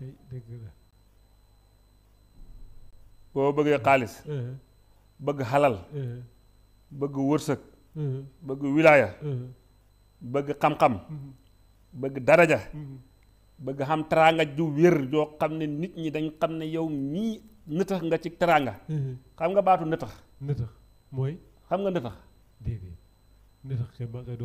cëy boo bëggee xaalis bëgg xalal bëgg wërsëg bëgg wilaaya bëgg xam-xam bëgg daraja bëgg xam teraanga ju wér joo xam ne nit ñi dañ xam ne yow mii nëtax nga ci teraanga xam nga baatu nëtëx nëtax mooy xam nga nëtax déedéet nëtax kay maa ngi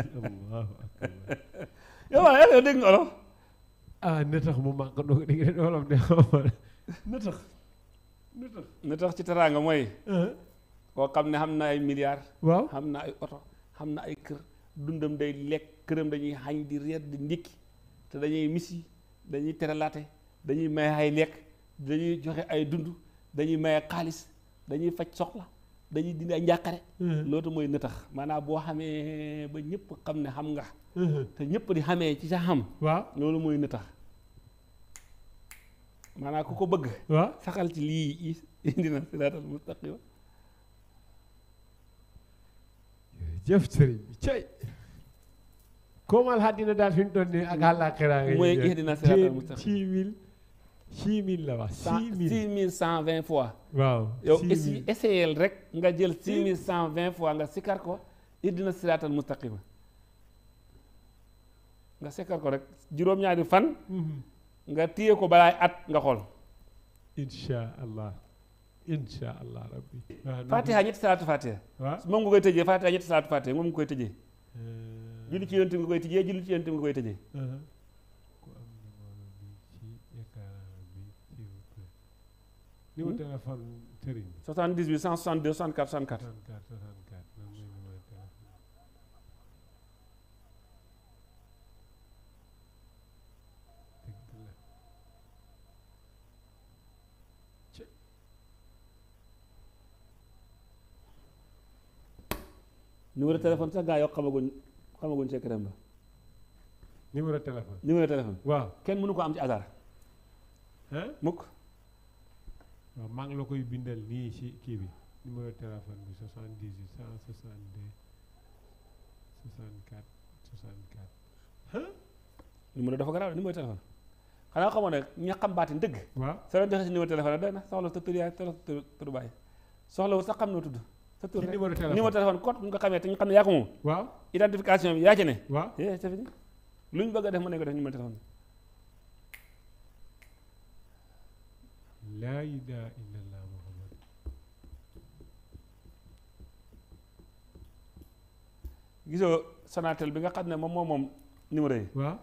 allahu akbar yow waaye yow dégg nga olof ah nëtax mu mànk doo dégg ne olof de nëtax nëtax nëtax ci teraanga mooy eh? koo xam ne xam na ay milliards waaw xam na ay oto xam na ay kër dundam day lekk këram dañuy xañ di reer di ndékki te dañuy misi dañuy teralaate dañuy maye ay lekk dañuy joxe ay dund dañuy maye xaalis dañuy faj soxla dañuy dindi ay njàqare loolu mooy nëtëx maanaam boo xamee ba ñëpp xam ne xam nga te ñëpp di xamee ci sa xam waaw loolu mooy nëtëx maanaa ku ko bëgg waaw saxal ci lii indi na siraatal mustaqima jëf sëriñ bi cay koomal xaddina daal fi ñu doon ne ak àllaaxira nga mooy ihdina siraatal mustaqima six mille la wax six mille six mille cent vingt fois. waaw yow essayer essayel rek nga jël six mille cent vingt fois nga sikar ko ihdina siraatal mustaqima nga sikar ko rek juróom-ñaari fan. Mhm. nga téye ko balaay at nga xool. incha allah incha allah rabbi. Ah, fatiha ñetti salaatu fatiha. waaw moom nga koy tëjee fatiha ñetti salaatu fatiha moom nga koy tëjee. Euh. julli ci yonent bi nga koy tëjee julli ci yonent nga koy tëjee. Uh-huh. numéro hmm? téléphone Serigne. 78 162 64 64. 64 64 téléphone sax gaa yoo xamaguñ xamaguñ secret la. numéro téléphone. numéro téléphone. waaw kenn mënu ko am ci hasard. mukk waaw maa ngi la koy bindal nii ci kii bi numéro téléphone bi 78 162 64 64. ah. numéro dafa garaaw numéro téléphone. xanaa xamoon ne ña xam baatin dëgg. waaw soo leen joxe si numéro téléphone doy na soxla sa tur yaay soxla sa tur baay soxla wu sax xam noo tudd. sa tur numéro téléphone numéro téléphone code xamee te ñu xam ne yaa ko moom. waaw identification bi yaa ci ne. Eh, lu luñ bëgg a def mën nekk ko def numéro téléphone laa ilaha illallah muhammad gisoo Sonatel bi nga xam ne moom moo moom numéro yi waaw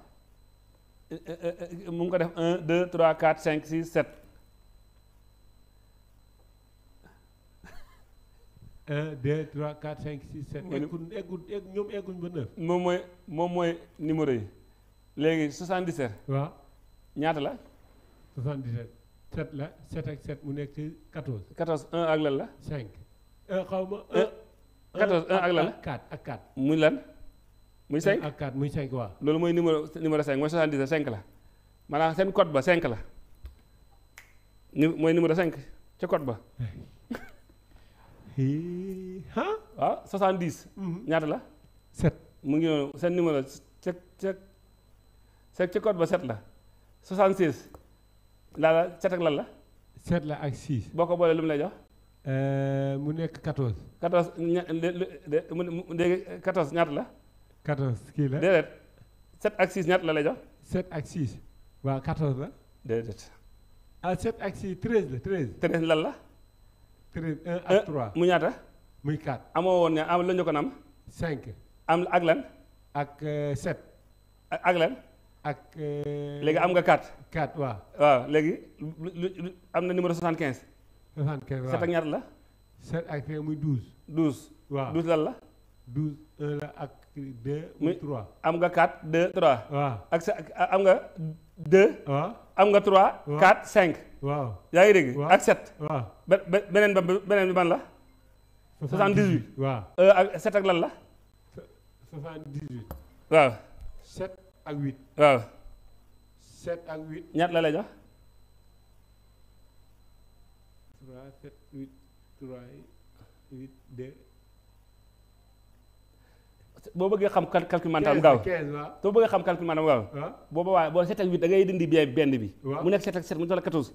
mu ngi ko def en deux trois quatre cinq six sept un deux trois quatre cinq six sept moom mooy moom mooy numéro yi léegi 77 waaw ñaata la 7 la 7 ak 7 mu nekk ci 14. 14 1 ak lan la. 5 1 euh, xaw ma 1. 14 1 ak lan la 4 ak 4. muy lan muy 5 ak 4 muy 5 waaw. loolu mooy numéro numéro 5 mooy 70 5 la maanaam seen code ba 5 la ni mooy numéro 5 ca code ba. ah waaw 70. Mhm. ñaata la. 7 mu ngi noonu seen numéro ca ca ca code ba 7 la 76. laa la set ak lan la. set la ak 6. boo ko boolee lu mu lay jox. Euh, mu nekk 14. 14 ña léegi 14 euh, ñaata la. 14 kii la déedéet. 7 ak 6 ñaata la lay jox. 7 ak 6 waaw 14 la. déedéet. ah 7 ak 6 13 la 13. 13 lan la. 13 1 ak 3 mu ñaata. muy 4 amoo woon ña am la ñu ko am. 5. am ak lan. ak 7. Euh, ak lan. ak. Euh, léegi am nga 4. 4 waaw. waaw léegi lu am na numéro 75. 75 waaw 7 ak ñaata la. 7 la. ak muy 3. am nga 4 2 3. waaw ak sa am nga 2. am nga 3. 4 5. yaa ngi dégg ak 7. waaw beneen ba beneen bi ban la. 78 78 waaw. Euh, ak 7 ak lan la. waaw. ak huit. ak huit. ñaat la lay jox. trois sept huit trois huit deux. boo bëggee xam calcul mental mu gaaw boo bëggee xam calcul mental mu gaaw booba waaye boo seet ak huit dangay dindi bien benn bi mu nekk seet ak sept mu doon quatorze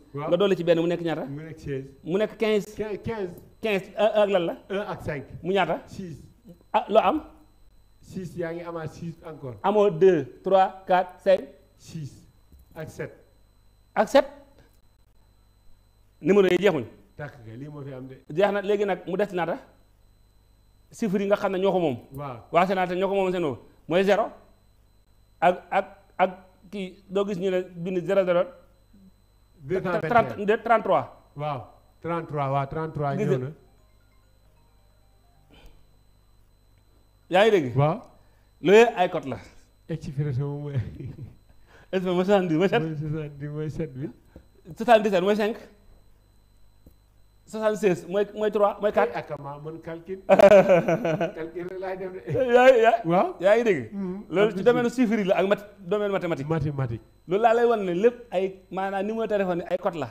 ci benn mu nekk ñaata mu nekk seize mu nekk quinze quinze quinze un ak lan la ak cinq mu ñaata six ah loo am 6 yaa ngi amaat 6 encore. amoo 2 3 4 5. 6 ak 7. ak 7 numéro yi jeexuñ. tàkk nga lii jeex na léegi nag mu des naata chiffres yi nga xam ne ñoo ko moom. waaw waa Sénégal ñoo ko moom seen mooy 0 ak ak ak kii doo gis ñu ne bind 0 0. 233 33. waaw 33 waaw 33 ñëw na. yaa ngi dégg. ay code la. expression mooy. expression mooy soixante dix eh, yaa ngi dégg. Hmm, loolu ci domaine chiffre la ak mat domaine mathématique. loolu laa lay wan ne lépp ay maanaam numéro téléphone ay code la.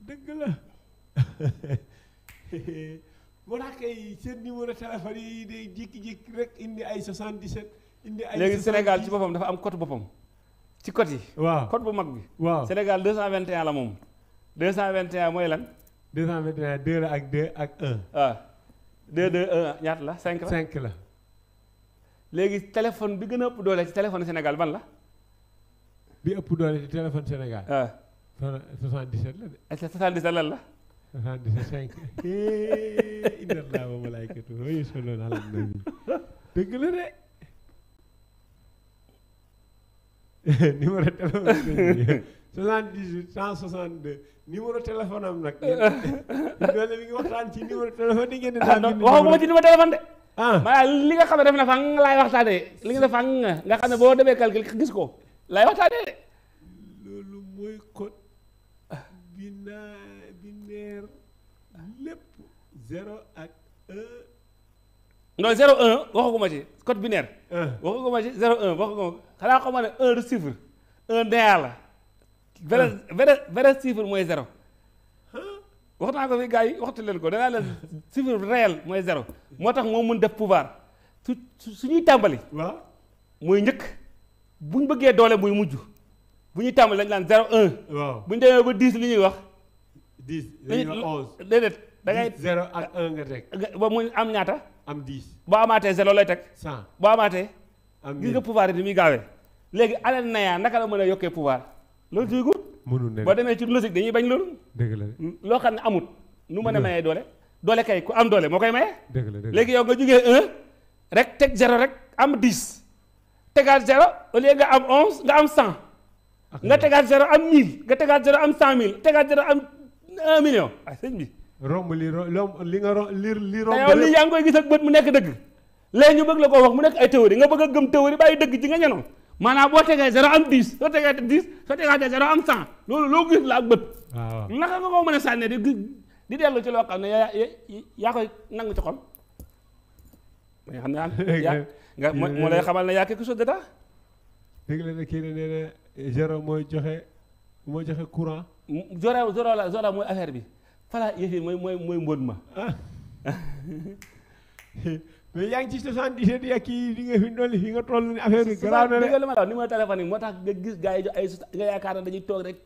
dëgg la. moo tax kay seen numéro téléphone yi day jékki-jékki rek indi ay 77. indi ay léegi Sénégal ci boppam dafa am code boppam. ci code yi. waaw code bu mag bi. waaw Sénégal 221 la moom. 221 mooy lan. 221 2 la ak 2 ak 1. waaw 2 2 1 ñaata la 5 la 5 la. léegi téléphone bi gën a ëpp doole ci téléphone Sénégal ban la. bi ëpp doole ci téléphone Sénégal. waaw ah. 77 la de. 77 lan la. 77 5 inna allaha wa malaikatahu yusalluna ala nabi de numéro téléphone am nag. loolu mi ah, waxuma ci numéro téléphone de. ah li nga xam ne def na fang laay waxtaanee li nga def fang nga xam ne boo demee calcul gis ko laay waxtaanee de. loolu mooy code bi naa. salaire lépp zéro ak un. non zéro un waxu ko ma ci code binaire. waxu ci zéro un waxu xanaa xamoo ne un du chiffre un daya la. vrai vrai vrai chiffre mooy zéro. wax naa ko fi gars yi waxtu leen ko danaa la chiffre réel mooy zéro moo tax moo mën def pouvoir su su ñuy tàmbali. waaw njëkk bu ñu bëggee doole muy mujj bu ñuy tàmbali dañu naan zéro un. bu ñu demee ba dix li ñuy wax. dix déedéet da ngay zéro ak un nga teg ba mu am ñaata am dix boo amaatee zéro looy teg cent boo amaatee gis nga pouvoir yi ni muy gaawee léegi alal na yaa naka la mën a yokkee pouvoir loolu téygut boo demee ci logique dañuy bañ loolu dëgg loo xam ne amut nu mën a mayee doole doole kay ku am doole moo koy maye léegi yow nga jógee un rek teg zéro rek am dix tegaat zéro au lieu nga am onze nga am cent nga tegaat zéro am mille nga tegaat zéro am cent mille tegaat zéro am un million ay ah, sëñ bi. romb li li nga ro li li romb. te yow li yaa ngi koy gis ak bët mu nekk dëgg. léegi ñu bëgg la ko wax mu nekk ay théorie nga bëgg a gëm théorie bàyyi dëgg ji nga ñanoo maanaam boo tegee zéro am dix soo tegee dix soo tegee zéro am cent loolu loo gis la ak bët. waaw naka nga ko mën a sànne di di dellu ci loo xam ne yaa yaa koy nangu ci xol. mais xam naa yaa moo lay xamal ne yaa quelque chose d'état. dégg nga ne kii nee na Jérôme mooy joxe mooy joxe courant. Zora Zora Zora mooy affaire bi Fala yëf yi mooy mooy mooy mbóot ma. Ah. mais yaa ngi ci soixante-dix ak kii di nga fi dolli fi nga toll ni affaire bi. garaaw na de ma la numéro téléphone yi moo tax nga gis gars yi ay nga yaakaar ne dañuy toog rek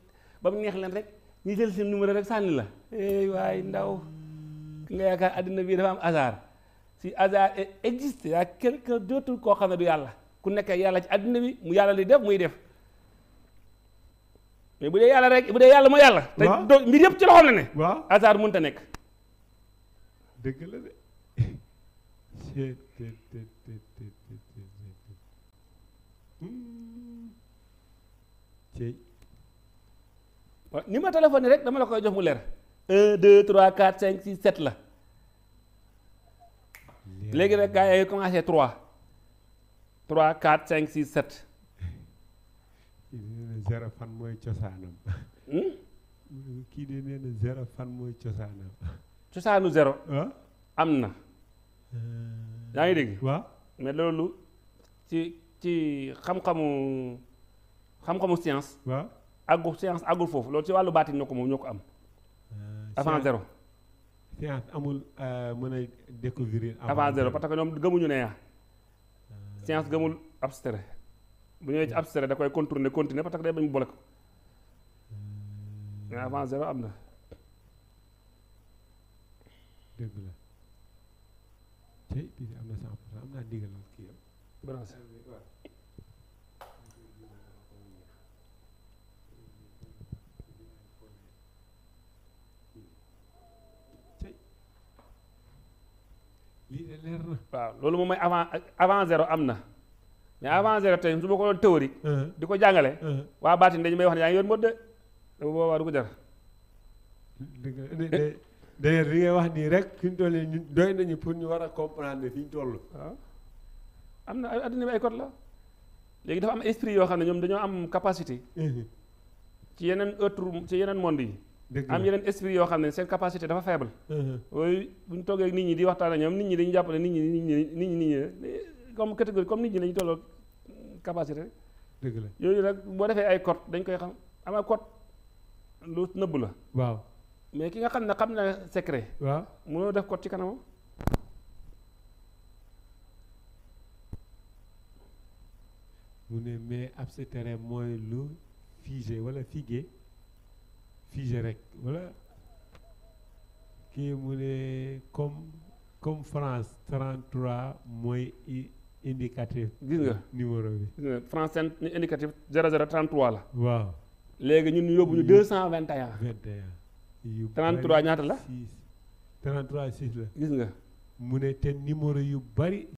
ba mu neex leen rek ñu jël seen numéro rek sànni la. eh waay ndaw nga yaakaar àddina bii dafa am hasard si hasard e-, existe y a quelque d'autre koo xam ne du yàlla ku nekk yàlla ci àddina bi mu yàlla li def muy def. mais bu dee yàlla rek bu dee yàlla mooy yàlla. te doo mbir yëpp ci loxoom la ne. waaw hasard mënut a nekk. dëgg la de. ni ma téléphone rek dama la koy jox mu leer. 1 de 3 4 5 6 7 la. léegi nag gars yi commencé 3. 3 4 5 6 7. zéro fan mooy cosaanam. Hmm? kii de nee na zéro fan mooy cosaanam. cosaanu zéro. Ah? am na. Euh, yaa ngi dégg. waaw mais loolu ci ci xam-xamu xam-xamu science. waaw àggu science àggul foofu loolu ci wàllu baatin ñoo ko moom ñoo ko am. Euh, avant zéro. science amul euh, mën a découvrir. avant zéro parce que ñoom gëmuñu ne yaa. science gëmul abstrait. bu ñëwee ci abstrait da koy contourner continuer parce que day bañ boole ko avant zéro am na. am na 100 waaw loolu moom mooy avant avant zéro am na. mais avant zéro tey su ma ko doon théorie uh-huh. di ko jàngale uh-huh. waa baatin dañu may wax ne yaa ngi yor mot de dama boobaa du ko jar d'ailleurs li ngay wax nii rek fi ñu toll nii doy nañu pour ñu war a comprendre ne fi ñu toll waaw am na adduna bi ay code la léegi dafa am esprit yoo xam ne ñoom dañoo am capacité uh-huh. ci yeneen autre ci yeneen monde yi am yeneen esprit yoo xam ne seen capacité dafa faible yooyu bu ñu toggee nit ñi di waxtaan ak ñoom nit ñi dañu jàppale nit ñi nit ñi nit ñi comme catégorie comme nit ñi lañu tolloo capacité dëgg la yooyu nag boo defee ay code dañ koy xam ama code lu nëbb la waaw mais ki nga xam ne xam na secret waa mënoo def code ci kanamam mu ne mais ab terrain mooy lu figé wala figé figé rek wala kii mu ne comme comme France 33 mooy indicatif. gis nga numéro bi. gis nga France seen indicatif 0033 la. waaw léegi ñun yóbbu ñu 221. 21 33 ñaata la. 6 33 6 la. gis nga. mu ne te numéro yu bari